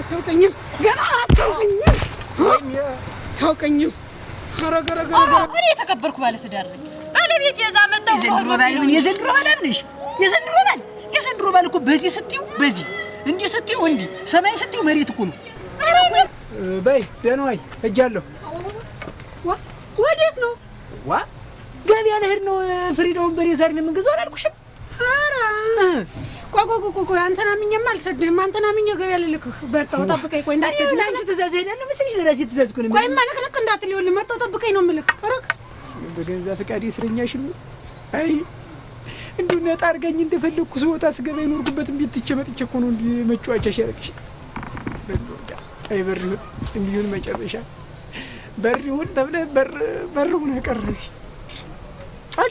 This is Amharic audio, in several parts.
አታውቀኝም፣ ገና አታውቀኝም፣ አታውቀኝም። ኧረ እኔ የተከበርኩ ባለትዳር ነኝ። ባለቤት የዛ መጣሁ። የዘንድሮ ባል የዘንድሮ ባል አብነሽ፣ የዘንድሮ ባል የዘንድሮ ባል እኮ በዚህ ስትዪው በዚህ እንዲህ ስትዩ እንዲህ ሰማይ ስትዩ መሬት እኮ ነው። በይ ደህና ዋይ። እጃለሁ። ወዴት ነው? ዋ ገበያ ልሄድ ነው። ፍሪዳውን በሬ ዛሬ ነው የምንገዛው አላልኩሽም? ኧረ ቆይ ቆይ ቆይ አልሰድህም። አንተን አምኜ ገበያ ልልክህ መጣሁ። ጠብቀኝ። ቆይ እንዳትሄድ ነው አንቺ ትእዛዝ አይደለም ምስልሽ ለራሴ ትእዛዝ እኮ ነው። ቆይማ ንቅንቅ እንዳትል ይኸውልህ፣ መጣሁ። ጠብቀኝ ነው የምልህ። ሩቅ በገንዛ ፈቃዴ እስረኛሽ ነው። አይ እንዲሁ ነጣ አድርገኝ እንደፈለግኩ ስወጣ ስገባ የኖርኩበትን ቤት ትቼ መጥቼ እኮ ነው እንዲህ መጫወቻሽ ያደረግሽ። አይ በሪሁን እንዲሁን መጨረሻ በሪሁን ተብለህ በር በሪሁን አቀረሽ። አይ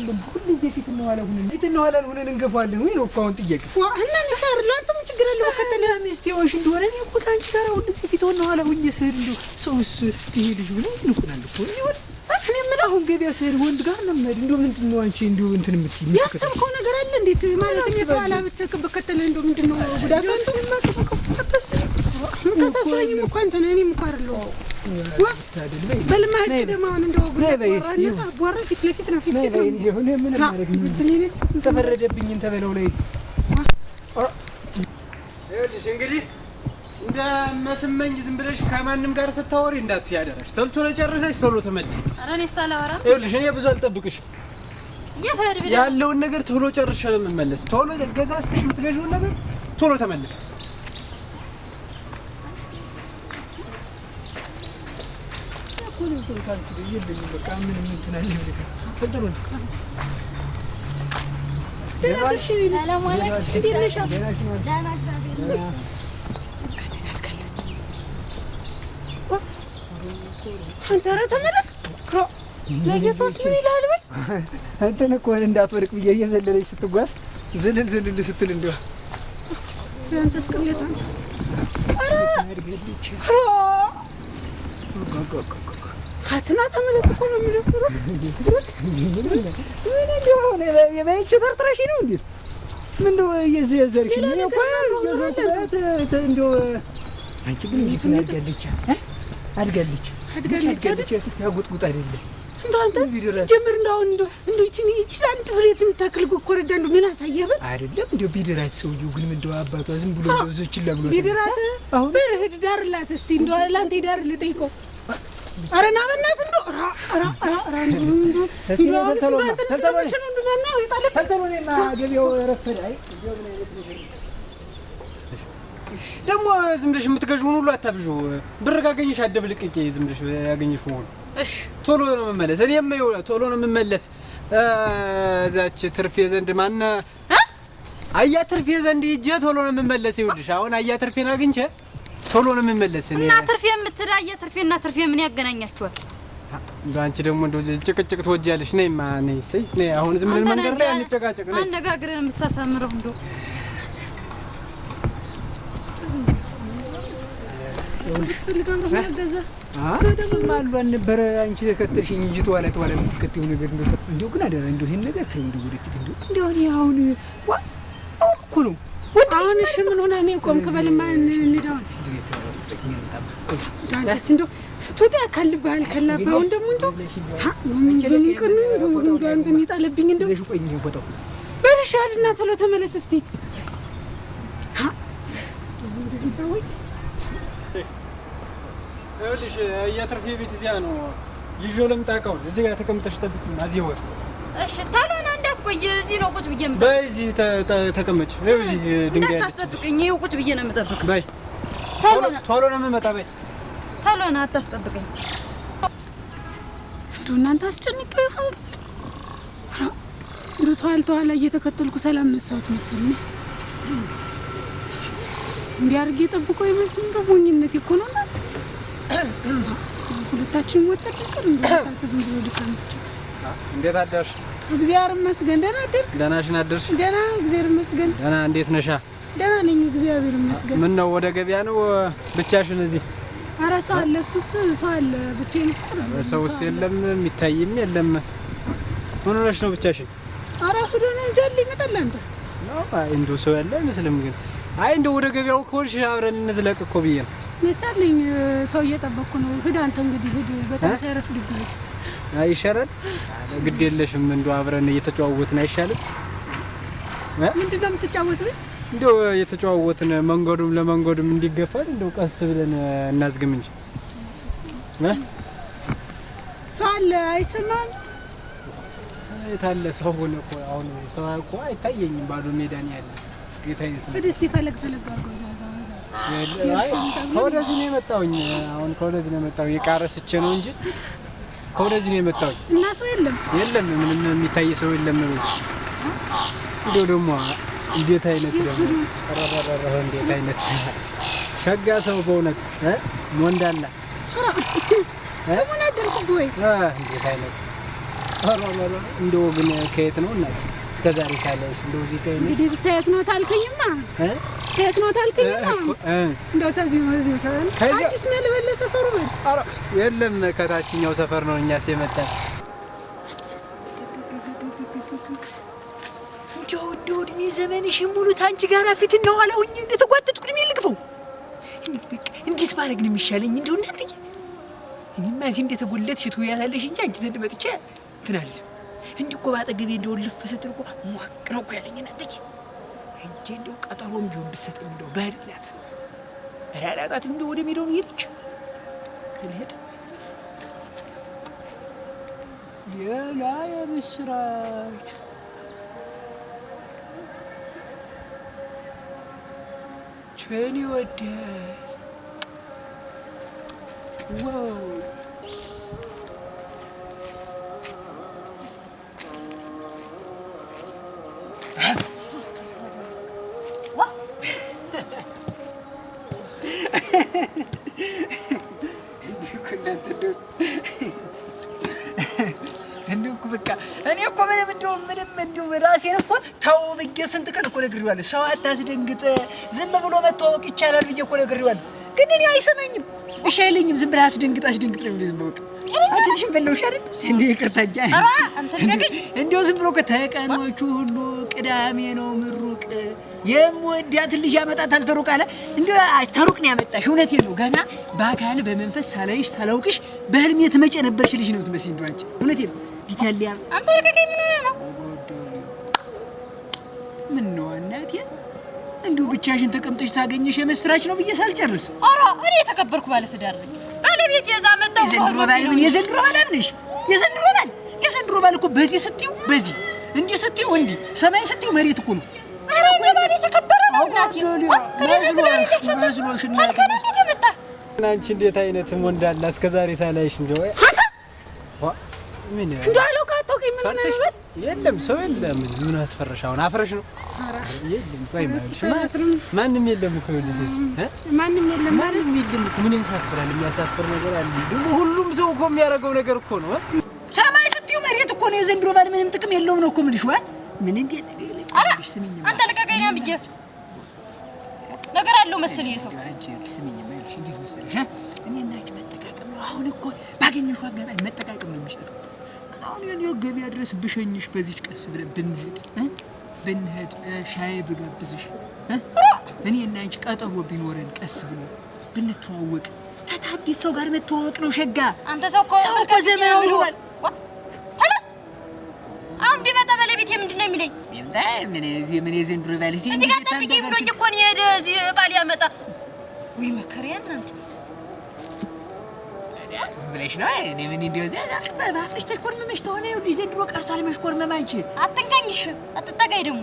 ሁሉ ጊዜ ፊት እንዋለን ሁነን ፊት እንዋለን ሁነን እንገፋለን ወይ ነው እኮ አሁን ጥያቄ እና ሚስታር ለአንተ ምን ችግር አለው? ከተለያ ሚስት የሆንሽ እንደሆነ እኔ እኮ ታንቺ ጋር ሁሉ ጊዜ ፊት እንዋለ ሁኝ ስህል እንዲ ሰውስ ይሄ ልጅ ብሎ ይንኩናል እኮ ይወድ እኔ ምን አሁን ገበያ ስሄድ ወንድ ጋር ነው የምሄድ። እንደው ምንድን ነው አንቺ እንደው እንትን የምትይ ያሰብከው ነገር አለ? እንዴት ማለት ነው? የተዋላ ብትክ ብከተለ እንደው ምንድን ነው ጉዳቱ? አንተ ምን ማጥፋቀው ተሰሰኝ እኮ አንተ ነህ እኔም እኮ አይደለሁ ተፈረደብኝን ተበለው ላይ ይኸውልሽ እንግዲህ እንደመስመኝ ዝም ብለሽ ከማንም ጋር ስታወሪ እንዳትዪ አደረሽ። ቶሎ ቶሎ ጨርሰሽ ቶሎ ተመለሽ። ይኸውልሽ እኔ ብዙ አልጠብቅሽም። ያለውን ነገር ቶሎ ጨርሼ ነው የምመለስ። ቶሎ ገዛዝተሽ የምትገዥውን ነገር ቶሎ ተመለሽ። አንተ ኧረ ተመለስ። ለየሶስት ምን ይልሃል? በል እንትን እኮ እንዳትወድቅ ብዬ እየዘለለች ስትጓዝ ዝልል ዝልል ስትል እንዲያው ሀትና ተመለስ እኮ ነው የሚደፍረው። ምን እንደው አሁን ጠርጥረሽ ነው እንዴ? ምን ነው እየዘረዘርሽኝ አንቺ ግን ቤቱን ነው አድጋለች? አድጋለች አድጋለች አይደለም እንደው አንተ ሲጀምር እንደው አሁን እንደው እንደው አንድ ፍሬ የምታክል ኮረዳ እንደው ምን አሳየበት አይደለም። እንዲ ቢድራት ሰውዬው ግን ምንደ አባቷ ዝም ብሎ ዞችን ለምኖ ቢድራት በርህ ዳርላት እስቲ እንደ ለአንተ ዳር ልጠይቀው ኧረ ና በእናትህ እንደው ደግሞ ዝም ብለሽ የምትገዥውን ሁሉ አታብዥው። ብር ካገኘሽ አደብልቅቄ ዝም ብለሽ ያገኘሽው ሁሉ ቶሎ ነው የምመለስ። እኔም ይኸውልህ ቶሎ ነው የምመለስ። እዛች ትርፌ ዘንድ ማነ አያ ትርፌ ዘንድ ሂጅ ቶሎ ነው የምመለስ። ይኸውልሽ አሁን አያ ትርፌን አግኝቼ ቶሎ ነው የምመለስ። እና ትርፌ የምትዳየ ትርፌ እና ትርፌ ምን ያገናኛችኋል? አንቺ ደግሞ እንደው ጭቅጭቅ ትወጃለሽ። ነይማ፣ ነይ፣ እሰይ፣ ነይ። አሁን ዝም ብለን መንገድ ላይ አንጨቃጨቅ። ነይ፣ አነጋግረን የምታሳምረው እንደው አንቺ ነገር ግን ይሄን ነገር አሁን እሺ ምን ሆነ? እኔ ቆምክ በልማ ስትወጣ ካልባህል ከላባውን ደግሞ እንደው በምንቅን እንዷን ተሎ ተመለስ እስቲ ልሽ የትርፌ ቤት እዚያ ነው ይዤው ለምጣ እቃውን እዚህ ጋር ተቀምጠሽ ጠብቂኝ። እዚህ ወጥ እሺ ተሎ እንዳትቆይ እዚህ ነው ቁጭ ብዬ የምጠብቅህ። በዚህ ተቀመጭ። እዚህ ድንጋይ እንዳታስጠብቀኝ፣ ይኸው ቁጭ ብዬ ነው የምጠብቅህ። በይ ቶሎ ቶሎ ነው የምመጣ። በይ ቶሎ ነው፣ አታስጠብቀኝ። እንደው እናንተ አስጨንቀ ይሆን እንደው ተዋል ተዋላ እየተከተልኩ ሰላም ነሳሁት መሰል ነስ እንዲህ አድርጌ ይመስል እንደው ሞኝነት እኮ ነው እናት ሁለታችንም ወጣ ፍቅር እንደው ዝም ብሎ ድካም ብቻ እንዴት አዳርሽ? እግዚአብሔር ይመስገን። ደህና አደርክ? ደህና ሽን አደርሽ? ደህና እግዚአብሔር ይመስገን። ደህና እንዴት ነሻ? ደህና ነኝ እግዚአብሔር ይመስገን። ምን ነው ወደ ገበያ ነው ብቻሽን? እዚህ ኧረ ሰው አለ፣ እሱስ ሰው አለ። ብቻዬን ሰውስ የለም፣ የሚታይም የለም። ምን ሆነሽ ነው ብቻሽን? ኧረ ሁሉ ነው እንጂ አለ ይመጣል። አንተ ነው እንዲሁ ሰው ያለ አይመስልም። ግን አይ እንደው ወደ ገበያው ከሆንሽ አብረን እንዝለቅ እኮ ብዬ ነው ነሳልኝ ሰው እየጠበቅኩ ነው። ሂድ አንተ እንግዲህ ሂድ፣ በጣም ሳይረፍድብህ ይሻላል። ግድ የለሽም እንደው አብረን እየተጨዋወትን አይሻልም? ምንድን ነው የምትጫወትብኝ? እንደው እየተጨዋወትን መንገዱም ለመንገዱም እንዲገፋል እንደው ቀስ ብለን እናዝግም እንጂ ሰው አለ አይሰማም። የታለ ሰው? ሆነ አሁን ሰው እኮ አይታየኝም። ባዶ ሜዳን ያለ። ጌታ አይነት ነው? ሂድ እስኪ ፈለግ ፈለግ አርጎዛ ከወደዚህ ነው የመጣሁኝ። አሁን ከወደዚህ ነው የመጣሁኝ። ዕቃ ነው እንጂ ከወደዚህ ነው የመጣሁኝ። እና ሰው የለም የለም፣ ምንም የሚታይ ሰው የለም። በዚህ እንደው ደግሞ እንዴት አይነት ደግሞ እንዴት አይነት ሸጋ ሰው በእውነት ወንዳላ እንዴት አይነት እንደው ግን ከየት ነው እና እስከዛሬ ሳለሽ እንደው እዚህ ከየት ነው ታልከኝማ ከየት ነው ታልከኝ? እንደው ተዚሁ ሰፈር አዲስ ነው ልበል ለሰፈሩ በል። ኧረ የለም ከታችኛው ሰፈር ነው እኛስ የመጣን። ሙሉ ታንቺ ፊት እንደተጓተትኩ እድሜ ልግፈው። እንዴት ነው የሚሻለኝ? እንደው እኔማ እዚህ እንጂ አንቺ ዘንድ መጥቼ እንዲህ እኮ ባጠገቤ እንደው ልፍ ስትል እኮ ሟቅ ነው እኮ ያለኝ እናንተዬ እጄ እንደው ቀጠሮም ቢሆን ብሰጠኝ እንደው በህድላት ራዳጣት እንደው ወደ ሜዳው ሄደች ልሄድ ሌላ የምስራች ቸን ይወዳል ዋው ብዬ ስንት ቀን እኮ ነግሬዋለሁ። ሰው አታስደንግጥ፣ ዝም ብሎ መተዋወቅ ይቻላል ብዬ እኮ ነግሬዋለሁ። ግን እኔ አይሰማኝም፣ እሺ አይለኝም። ዝም ብለህ አስደንግጥ አስደንግጥ ነው ዝም በቃ አትሽን በለውሽ አይደል እንዴ ይቅርታ እንጂ እንዴው ዝም ብሎ ከተቀኖቹ ሁሉ ቅዳሜ ነው ምሩቅ የምወዳትን ልጅ ያመጣታል ተሩቅ አለ። እንደው ተሩቅ ነው ያመጣሽ። እውነቴን ነው ገና በአካል በመንፈስ ሳላይሽ ሳላውቅሽ በህልሜ ትመጪ ነበርሽ ልጅ ነው ትመስይ። እንደው አንቺ እውነቴን ነው ቢታሊያ አንተ ምን ነው ምን ነው እናቴ፣ እንዲሁ ብቻሽን ተቀምጠሽ ታገኘሽ የመስራች ነው ብዬ ሳልጨርስ፣ ኧረ እኔ የተከበርኩ ባለ ትዳር ነኝ። ባለቤት የዛ መጣው የዘንድሮ ባል ምን የዘንድሮ ባል የዘንድሮ ባል የዘንድሮ ባል እኮ በዚህ ስትይው በዚህ እንዲህ ስትይው እንዲህ ሰማይ ስትዩ መሬት እኮ ነው። ኧረ እኔ ባል የተከበረ ነው እናቴ። አንቺ እንዴት አይነትም ወንድ አለ ሳላይሽ እንደው ምን ፈርተሽ? የለም ሰው የለም። ምን አስፈረሽ? አሁን አፍረሽ ነው? የለም ማንም የለም እኮ ማንም የለም ማንም የለም። ምን ያሳፍራል? የሚያሳፍር ነገር አለ? ሁሉም ሰው እኮ የሚያደርገው ነገር እኮ ነው። ሰማይ ስትዩ መሬት እኮ ነው። የዘንድሮ ባል ምንም ጥቅም የለውም ነው እኮ የምልሽ። ምን እንዴት አንተ ልቀቀኝ ነው ብዬ ነገር አለው መሰል የሰው እኔ እና አንቺ መጠቃቀም ነው። አሁን እኮ ባገኘሽው አጋጣሚ መጠቃቀም ነው የሚሽ አሁን የኔ ያው ገበያ ድረስ ብሸኝሽ በዚች ቀስ ብለን ብንሄድ ብንሄድ ሻይ ብጋብዝሽ እኔ እና አንቺ ቀጠሮ ቢኖረን ቀስ ብሎ ብንተዋወቅ ተታዲስ ሰው ጋር መተዋወቅ ነው ሸጋ። አንተ ሰው እኮ ሰው እኮ ዘመናዊ ሆኗል። ተነስ አሁን ቢመጣ ባለቤቴ ምንድን ነው የሚለኝ? ምን እዚህ ምን የዘንድሮ ባለቤቴ እዚህ ጋር ጠብቄ ብሎኝ እኮ ነው የሄደ እዚህ ዕቃ ሊያመጣ ወይ መከሪያ እናንተ ብለሽ ነው። እኔ ምን እንዲያው እዚያ አፍርሽ ተሽኮርመመሽ ተሆነ ይኸውልሽ፣ ዘንድሮ ቀርቷል መሽኮርመም። አንቺ አትንቀኝሽ፣ አትጠጋኝ። ደግሞ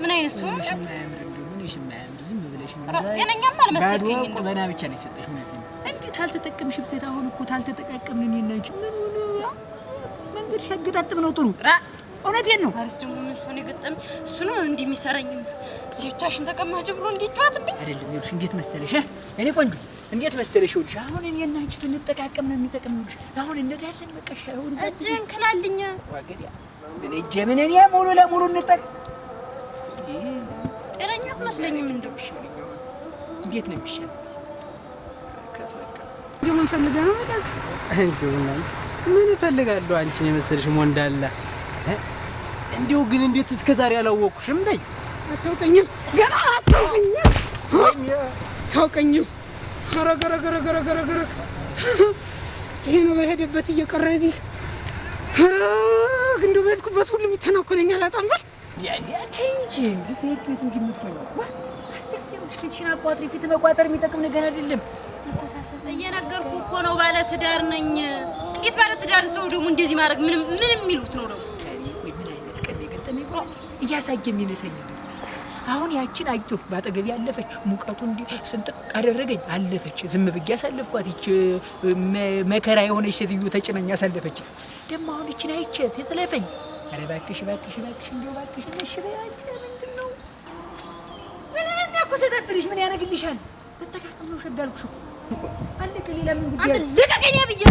ምን አይነት ሰው ነው? ዝም ብለሽ ቁመና ብቻ ነው የሰጠሽ። እውነት ነው። እንዴት አልተጠቀምሽበት? አሁን እኮ ታልተጠቀምን ምን ሆነ መንገድ ሲያገጣጥም ነው ጥሩ። እውነቴን ነው። አሪስ ደግሞ ምን ሰው ነው የገጠመኝ? እሱ ነው እንዲህ የሚሰራኝ። ብቻሽን ተቀማጭ ብሎ እንዲጫወትብኝ አይደለም። ይኸውልሽ እንዴት መሰለሽ እኔ ቆንጆ እንዴት መሰለሽ ይኸውልሽ አሁን እኔ እና አንቺ ብንጠቃቀም ነው የሚጠቅም ይኸውልሽ አሁን እንሄዳለን በቃ አሁን እጭን እንክላልኛ ዋገድ ያ እኔ ጀምን እኔ ሙሉ ለሙሉ እንጠቅ ጤነኛ አትመስለኝም እንደው እንዴት ነው የሚሻል እንደው ምን ፈልገህ ነው ማለት እንደው እናንተ ምን እፈልጋለሁ አንቺን የመሰለሽ ሞንዳላ እንደው ግን እንዴት እስከ ዛሬ አላወኩሽም በይ አታውቀኝም ገና አታውቀኝም ታውቀኝም ረገረገረገረገረገረግ ይሄ ነው በሄደበት እየቀረ እዚህ ረግ በሄድኩበት በል ፊት መቋጠር የሚጠቅም ነገር አይደለም። እየነገርኩ እኮ ነው ነኝ። ጥቂት ሰው ደግሞ እንደዚህ ማድረግ ምንም ምንም የሚሉት ነው ደግሞ እያሳየ አሁን ያችን አይቶ ባጠገብ ያለፈች ሙቀቱ እንዲ ስንጥቅ አደረገኝ። አለፈች፣ ዝም ብዬ ያሳለፍኳት ይች መከራ የሆነች ሴትዮ ተጭነኝ ያሳለፈች። ደግሞ አሁን ይችን አይቼት የተለፈኝ። ኧረ እባክሽ እባክሽ እባክሽ እንዲ እባክሽ ነሽ በያች ምንድን ነው ምን ያኮ ሴታጥሪሽ ምን ያነግልሻል? ተጠቃቅም ነው ሸጋልኩሽ አለቀ። ሌላ ምን ጉዳይ አለ? ልቀቀኝ ብዬ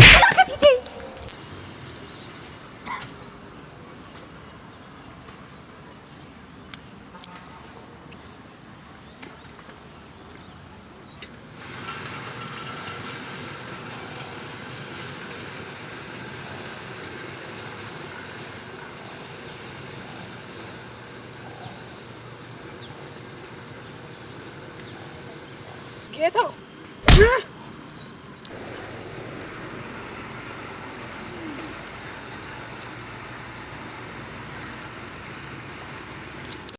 别错。